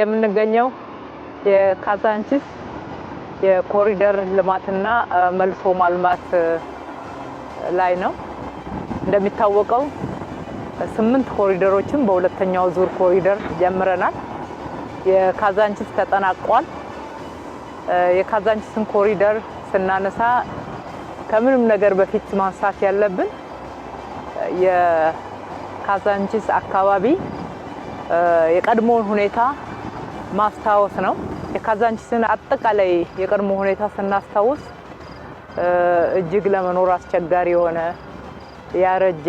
የምንገኘው የካዛንቺስ የኮሪደር ልማትና መልሶ ማልማት ላይ ነው። እንደሚታወቀው ስምንት ኮሪደሮችን በሁለተኛው ዙር ኮሪደር ጀምረናል። የካዛንቺስ ተጠናቋል። የካዛንቺስን ኮሪደር ስናነሳ ከምንም ነገር በፊት ማንሳት ያለብን የካዛንቺስ አካባቢ የቀድሞውን ሁኔታ ማስታወስ ነው። የካዛንቺስን አጠቃላይ የቀድሞ ሁኔታ ስናስታውስ እጅግ ለመኖር አስቸጋሪ የሆነ ያረጀ፣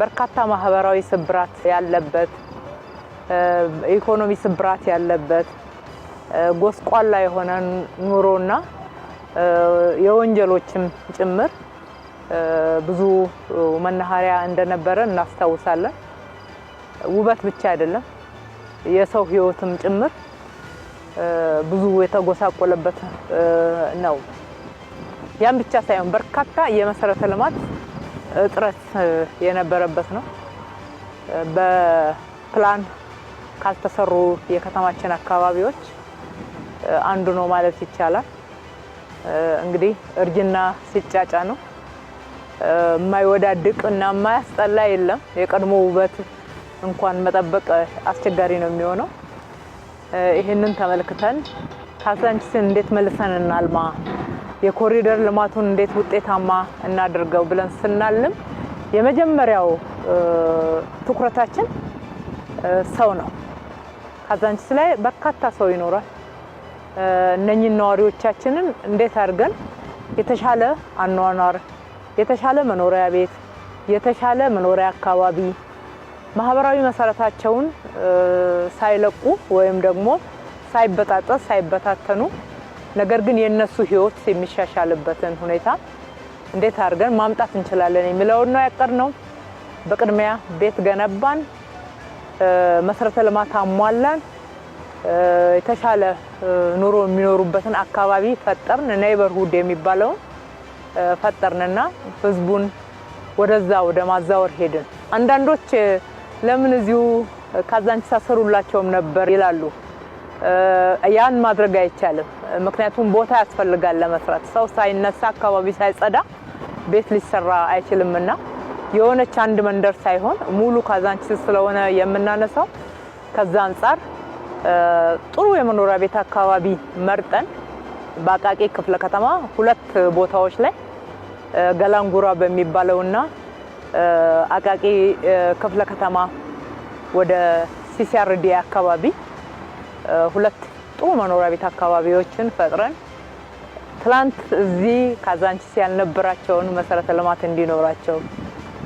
በርካታ ማህበራዊ ስብራት ያለበት፣ ኢኮኖሚ ስብራት ያለበት ጎስቋላ የሆነ ኑሮና የወንጀሎችም ጭምር ብዙ መናኸሪያ እንደነበረ እናስታውሳለን። ውበት ብቻ አይደለም የሰው ህይወትም ጭምር ብዙ የተጎሳቆለበት ነው። ያን ብቻ ሳይሆን በርካታ የመሰረተ ልማት እጥረት የነበረበት ነው። በፕላን ካልተሰሩ የከተማችን አካባቢዎች አንዱ ነው ማለት ይቻላል። እንግዲህ እርጅና ሲጫጫ ነው። የማይወዳድቅ እና የማያስጠላ የለም የቀድሞ ውበት እንኳን መጠበቅ አስቸጋሪ ነው የሚሆነው። ይህንን ተመልክተን ካዛንቺስን እንዴት መልሰን እናልማ፣ የኮሪደር ልማቱን እንዴት ውጤታማ እናድርገው ብለን ስናልም የመጀመሪያው ትኩረታችን ሰው ነው። ካዛንቺስ ላይ በርካታ ሰው ይኖራል። እነኚህን ነዋሪዎቻችንን እንዴት አድርገን የተሻለ አኗኗር፣ የተሻለ መኖሪያ ቤት፣ የተሻለ መኖሪያ አካባቢ ማህበራዊ መሰረታቸውን ሳይለቁ ወይም ደግሞ ሳይበጣጠስ ሳይበታተኑ ነገር ግን የእነሱ ህይወት የሚሻሻልበትን ሁኔታ እንዴት አድርገን ማምጣት እንችላለን የሚለውን ነው ያቀድነው። በቅድሚያ ቤት ገነባን፣ መሰረተ ልማት አሟላን፣ የተሻለ ኑሮ የሚኖሩበትን አካባቢ ፈጠርን። ኔይበርሁድ የሚባለውን ፈጠርንና ህዝቡን ወደዛ ወደ ማዛወር ሄድን። አንዳንዶች ለምን እዚሁ ካዛንቺስ አሰሩላቸውም ነበር ይላሉ። ያን ማድረግ አይቻልም። ምክንያቱም ቦታ ያስፈልጋል ለመስራት። ሰው ሳይነሳ አካባቢ ሳይጸዳ ቤት ሊሰራ አይችልም እና የሆነች አንድ መንደር ሳይሆን ሙሉ ካዛንቺስ ስለሆነ የምናነሳው ከዛ አንጻር ጥሩ የመኖሪያ ቤት አካባቢ መርጠን በአቃቂ ክፍለ ከተማ ሁለት ቦታዎች ላይ ገላንጉራ በሚባለውና አቃቂ ክፍለ ከተማ ወደ ሲሲአርዲ አካባቢ ሁለት ጥሩ መኖሪያ ቤት አካባቢዎችን ፈጥረን ትላንት እዚህ ካዛንቺስ ያልነበራቸውን መሰረተ ልማት እንዲኖራቸው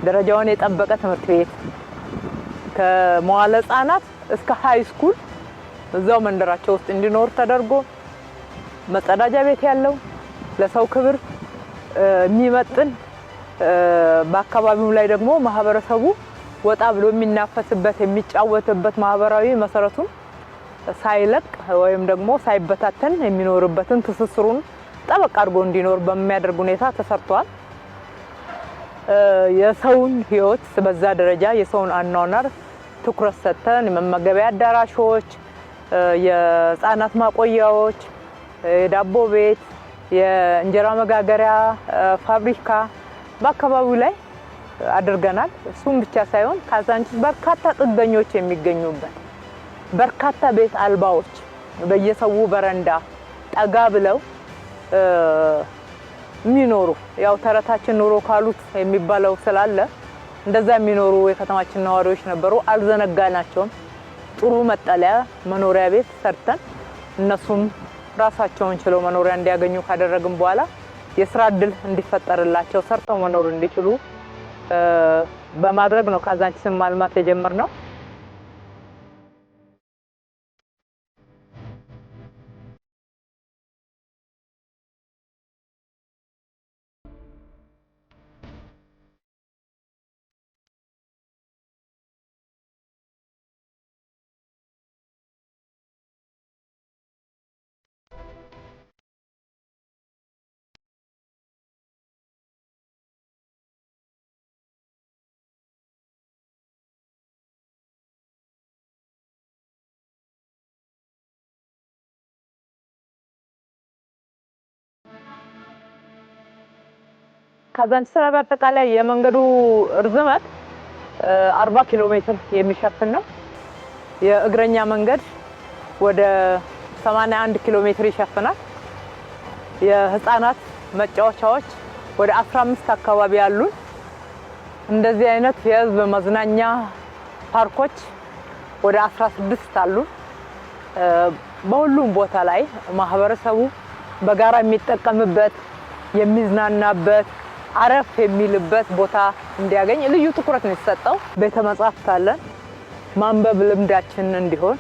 ደረጃውን የጠበቀ ትምህርት ቤት ከመዋለ ህጻናት እስከ ሀይ ስኩል እዛው መንደራቸው ውስጥ እንዲኖር ተደርጎ መጸዳጃ ቤት ያለው ለሰው ክብር የሚመጥን በአካባቢው ላይ ደግሞ ማህበረሰቡ ወጣ ብሎ የሚናፈስበት የሚጫወትበት ማህበራዊ መሰረቱን ሳይለቅ ወይም ደግሞ ሳይበታተን የሚኖርበትን ትስስሩን ጠበቅ አድርጎ እንዲኖር በሚያደርግ ሁኔታ ተሰርቷል። የሰውን ህይወት በዛ ደረጃ የሰውን አኗኗር ትኩረት ሰጥተን የመመገቢያ አዳራሾች፣ የህፃናት ማቆያዎች፣ የዳቦ ቤት፣ የእንጀራ መጋገሪያ ፋብሪካ በአካባቢው ላይ አድርገናል። እሱም ብቻ ሳይሆን ካዛንቺስ በርካታ ጥገኞች የሚገኙበት በርካታ ቤት አልባዎች በየሰው በረንዳ ጠጋ ብለው የሚኖሩ ያው ተረታችን ኑሮ ካሉት የሚባለው ስላለ እንደዛ የሚኖሩ የከተማችን ነዋሪዎች ነበሩ። አልዘነጋናቸውም። ጥሩ መጠለያ መኖሪያ ቤት ሰርተን እነሱም ራሳቸውን ችለው መኖሪያ እንዲያገኙ ካደረግን በኋላ የስራ እድል እንዲፈጠርላቸው ሰርተው መኖር እንዲችሉ በማድረግ ነው ካዛንቺስን ማልማት የጀመርነው። ከዛንቺ ስራ በአጠቃላይ የመንገዱ ርዝመት 40 ኪሎ ሜትር የሚሸፍን ነው። የእግረኛ መንገድ ወደ 81 ኪሎ ሜትር ይሸፍናል። የህፃናት መጫወቻዎች ወደ 15 አካባቢ አሉ። እንደዚህ አይነት የህዝብ መዝናኛ ፓርኮች ወደ 16 አሉ። በሁሉም ቦታ ላይ ማህበረሰቡ በጋራ የሚጠቀምበት የሚዝናናበት አረፍ የሚልበት ቦታ እንዲያገኝ ልዩ ትኩረት ነው የተሰጠው። ቤተ መጻሕፍት አለን። ማንበብ ልምዳችን እንዲሆን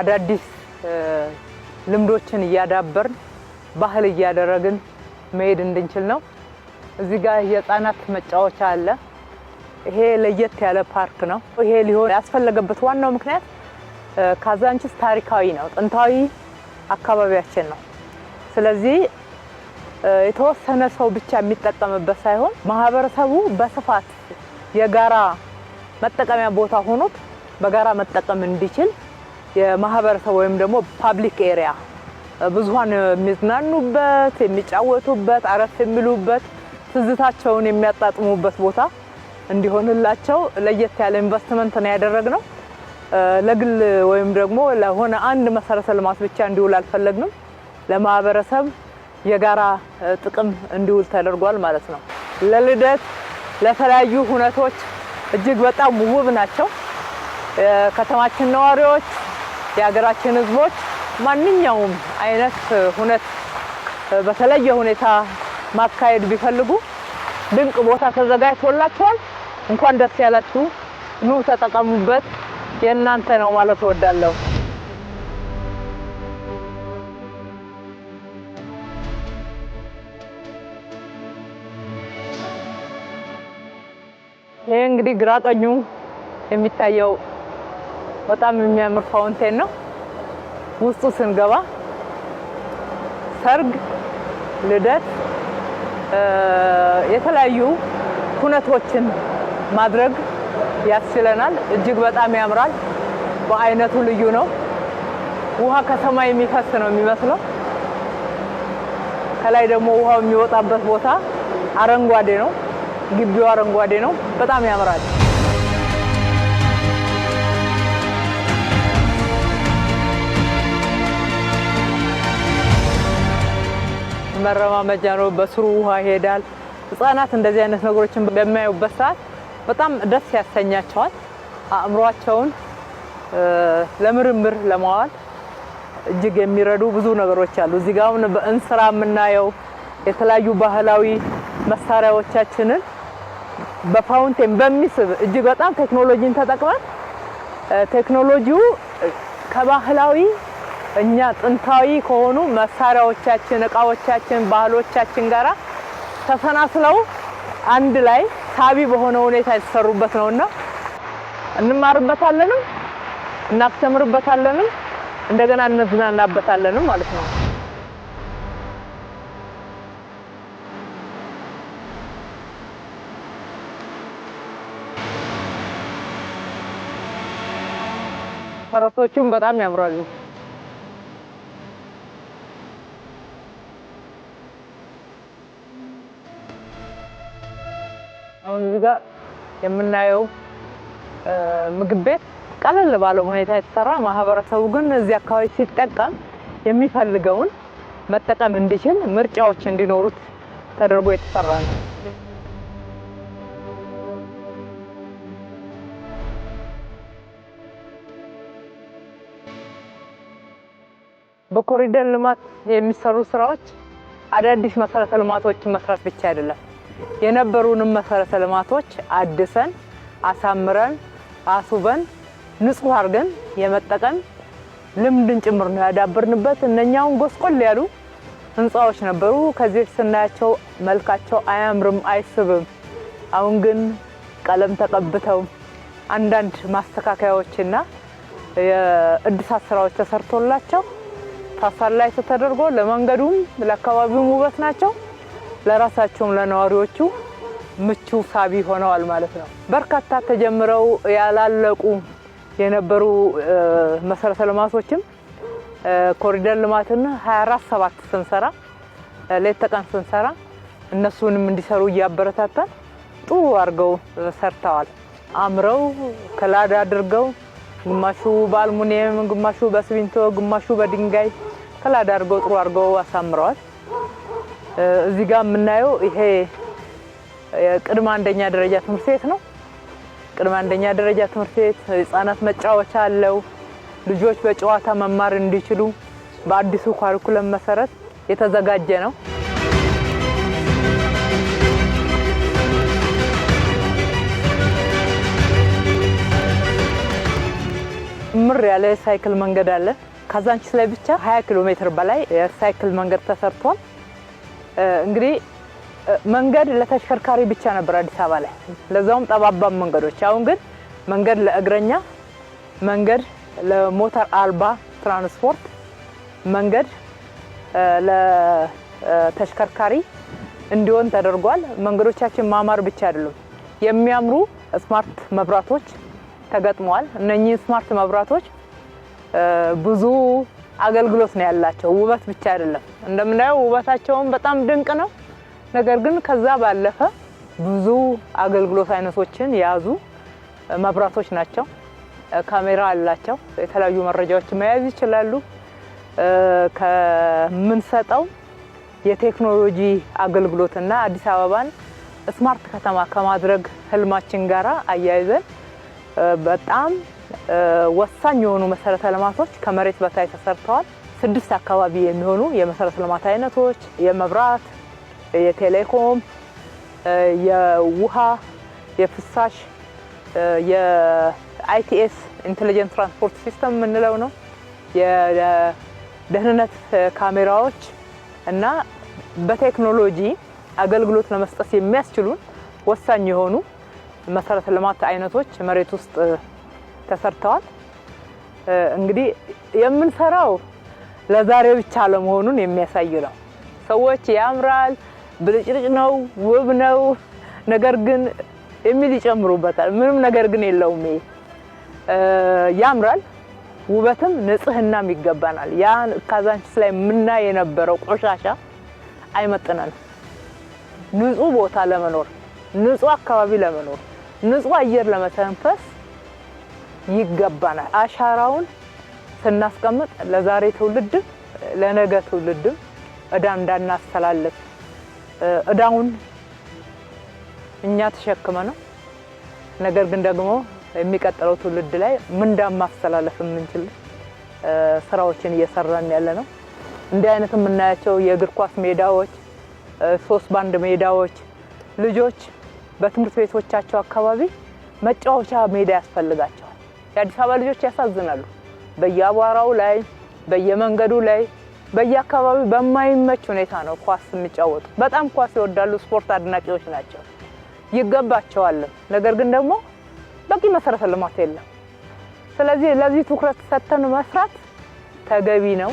አዳዲስ ልምዶችን እያዳበርን ባህል እያደረግን መሄድ እንድንችል ነው። እዚህ ጋር የህፃናት መጫወቻ አለ። ይሄ ለየት ያለ ፓርክ ነው። ይሄ ሊሆን ያስፈለገበት ዋናው ምክንያት ካዛንችስ ታሪካዊ ነው፣ ጥንታዊ አካባቢያችን ነው። ስለዚህ የተወሰነ ሰው ብቻ የሚጠቀምበት ሳይሆን ማህበረሰቡ በስፋት የጋራ መጠቀሚያ ቦታ ሆኖት በጋራ መጠቀም እንዲችል የማህበረሰብ ወይም ደግሞ ፓብሊክ ኤሪያ ብዙሃን የሚዝናኑበት፣ የሚጫወቱበት፣ አረፍ የሚሉበት፣ ትዝታቸውን የሚያጣጥሙበት ቦታ እንዲሆንላቸው ለየት ያለ ኢንቨስትመንት ነው ያደረግነው። ለግል ወይም ደግሞ ለሆነ አንድ መሰረተ ልማት ብቻ እንዲውል አልፈለግንም። ለማህበረሰብ የጋራ ጥቅም እንዲውል ተደርጓል ማለት ነው። ለልደት ለተለያዩ ሁነቶች እጅግ በጣም ውብ ናቸው። የከተማችን ነዋሪዎች፣ የሀገራችን ህዝቦች ማንኛውም አይነት ሁነት በተለየ ሁኔታ ማካሄድ ቢፈልጉ ድንቅ ቦታ ተዘጋጅቶላቸዋል። እንኳን ደስ ያላችሁ፣ ኑ ተጠቀሙበት፣ የእናንተ ነው ማለት እወዳለሁ። ይህ እንግዲህ ግራ ቀኙ የሚታየው በጣም የሚያምር ፋውንቴን ነው። ውስጡ ስንገባ ሰርግ፣ ልደት፣ የተለያዩ ኩነቶችን ማድረግ ያስችለናል። እጅግ በጣም ያምራል። በአይነቱ ልዩ ነው። ውሃ ከሰማይ የሚፈስ ነው የሚመስለው። ከላይ ደግሞ ውሃው የሚወጣበት ቦታ አረንጓዴ ነው። ግቢው አረንጓዴ ነው፣ በጣም ያምራል። መረማመጃ ነው። በስሩ ውሃ ይሄዳል። ህጻናት እንደዚህ አይነት ነገሮችን በሚያዩበት ሰዓት በጣም ደስ ያሰኛቸዋል። አእምሯቸውን ለምርምር ለማዋል እጅግ የሚረዱ ብዙ ነገሮች አሉ። እዚህ ጋር አሁን በእንስራ የምናየው የተለያዩ ባህላዊ መሳሪያዎቻችንን በፋውንቴን በሚስብ እጅግ በጣም ቴክኖሎጂን ተጠቅመን ቴክኖሎጂው ከባህላዊ እኛ ጥንታዊ ከሆኑ መሳሪያዎቻችን፣ እቃዎቻችን፣ ባህሎቻችን ጋራ ተሰናስለው አንድ ላይ ሳቢ በሆነ ሁኔታ የተሰሩበት ነውና እንማርበታለንም እናስተምርበታለንም እንደገና እንዝናናበታለንም ማለት ነው። ፈረሶቹም በጣም ያምራሉ። አሁን እዚህ ጋር የምናየው ምግብ ቤት ቀለል ባለው ሁኔታ የተሰራ ማህበረሰቡ ግን እዚህ አካባቢ ሲጠቀም የሚፈልገውን መጠቀም እንዲችል ምርጫዎች እንዲኖሩት ተደርጎ የተሰራ ነው። በኮሪደር ልማት የሚሰሩ ስራዎች አዳዲስ መሰረተ ልማቶችን መስራት ብቻ አይደለም፣ የነበሩንም መሰረተ ልማቶች አድሰን አሳምረን አስውበን ንጹህ አድርገን የመጠቀም ልምድን ጭምር ነው ያዳብርንበት። እነኛውን ጎስቆል ያሉ ህንፃዎች ነበሩ። ከዚህ ፊት ስናያቸው መልካቸው አያምርም፣ አይስብም። አሁን ግን ቀለም ተቀብተው አንዳንድ ማስተካከያዎችና የእድሳት ስራዎች ተሰርቶላቸው ታሳል ላይ ተደርጎ ለመንገዱም ለአካባቢውም ውበት ናቸው፣ ለራሳቸውም ለነዋሪዎቹ ምቹ ሳቢ ሆነዋል ማለት ነው። በርካታ ተጀምረው ያላለቁ የነበሩ መሰረተ ልማቶችም ኮሪደር ልማትን 24 7 ስንሰራ ሌት ተቀን ስንሰራ እነሱንም እንዲሰሩ እያበረታታን ጥሩ አድርገው ሰርተዋል። አምረው ከላድ አድርገው ግማሹ በአልሙኒየም፣ ግማሹ በስሚንቶ፣ ግማሹ በድንጋይ ከላድ አድርገው ጥሩ አድርገው አሳምረዋል። እዚህ ጋር የምናየው ይሄ የቅድመ አንደኛ ደረጃ ትምህርት ቤት ነው። ቅድመ አንደኛ ደረጃ ትምህርት ቤት ህጻናት መጫወቻ አለው። ልጆች በጨዋታ መማር እንዲችሉ በአዲሱ ኳሪኩለም መሰረት የተዘጋጀ ነው። ምር ያለ ሳይክል መንገድ አለ። ካዛንቺስ ላይ ብቻ 20 ኪሎ ሜትር በላይ የሳይክል መንገድ ተሰርቷል። እንግዲህ መንገድ ለተሽከርካሪ ብቻ ነበር አዲስ አበባ ላይ ለዛውም ጠባባም መንገዶች። አሁን ግን መንገድ ለእግረኛ፣ መንገድ ለሞተር አልባ ትራንስፖርት፣ መንገድ ለተሽከርካሪ እንዲሆን ተደርጓል። መንገዶቻችን ማማር ብቻ አይደሉም፣ የሚያምሩ ስማርት መብራቶች ተገጥመዋል። እነኚህ ስማርት መብራቶች ብዙ አገልግሎት ነው ያላቸው። ውበት ብቻ አይደለም፣ እንደምናየው ውበታቸውም በጣም ድንቅ ነው። ነገር ግን ከዛ ባለፈ ብዙ አገልግሎት አይነቶችን የያዙ መብራቶች ናቸው። ካሜራ አላቸው። የተለያዩ መረጃዎችን መያዝ ይችላሉ። ከምንሰጠው የቴክኖሎጂ አገልግሎትና አዲስ አበባን ስማርት ከተማ ከማድረግ ህልማችን ጋራ አያይዘን በጣም ወሳኝ የሆኑ መሰረተ ልማቶች ከመሬት በታች ተሰርተዋል። ስድስት አካባቢ የሚሆኑ የመሰረተ ልማት አይነቶች የመብራት፣ የቴሌኮም፣ የውሃ፣ የፍሳሽ፣ የአይቲኤስ ኢንቴሊጀንት ትራንስፖርት ሲስተም የምንለው ነው፣ የደህንነት ካሜራዎች እና በቴክኖሎጂ አገልግሎት ለመስጠት የሚያስችሉን ወሳኝ የሆኑ መሰረተ ልማት አይነቶች መሬት ውስጥ ተሰርተዋል። እንግዲህ የምንሰራው ለዛሬ ብቻ ለመሆኑን የሚያሳይ ነው። ሰዎች ያምራል፣ ብልጭልጭ ነው፣ ውብ ነው፣ ነገር ግን የሚል ይጨምሩበታል። ምንም ነገር ግን የለውም። ያምራል፣ ውበትም ንጽህናም ይገባናል። ያን ካዛንቺስ ላይ የምናይ የነበረው ቆሻሻ አይመጥነንም። ንጹህ ቦታ ለመኖር፣ ንጹህ አካባቢ ለመኖር፣ ንጹህ አየር ለመተንፈስ ይገባናል። አሻራውን ስናስቀምጥ ለዛሬ ትውልድም ለነገ ትውልድም እዳ እንዳናስተላለፍ እዳውን እኛ ተሸክመ ነው ነገር ግን ደግሞ የሚቀጥለው ትውልድ ላይ ምንዳ ማስተላለፍ የምንችል ስራዎችን እየሰራን ያለ ነው። እንዲህ አይነት የምናያቸው የእግር ኳስ ሜዳዎች፣ ሶስት ባንድ ሜዳዎች ልጆች በትምህርት ቤቶቻቸው አካባቢ መጫወቻ ሜዳ ያስፈልጋቸው የአዲስ አበባ ልጆች ያሳዝናሉ። በየአቧራው ላይ፣ በየመንገዱ ላይ፣ በየአካባቢው በማይመች ሁኔታ ነው ኳስ የሚጫወቱ። በጣም ኳስ ይወዳሉ፣ ስፖርት አድናቂዎች ናቸው፣ ይገባቸዋል። ነገር ግን ደግሞ በቂ መሰረተ ልማት የለም። ስለዚህ ለዚህ ትኩረት ሰጥተን መስራት ተገቢ ነው።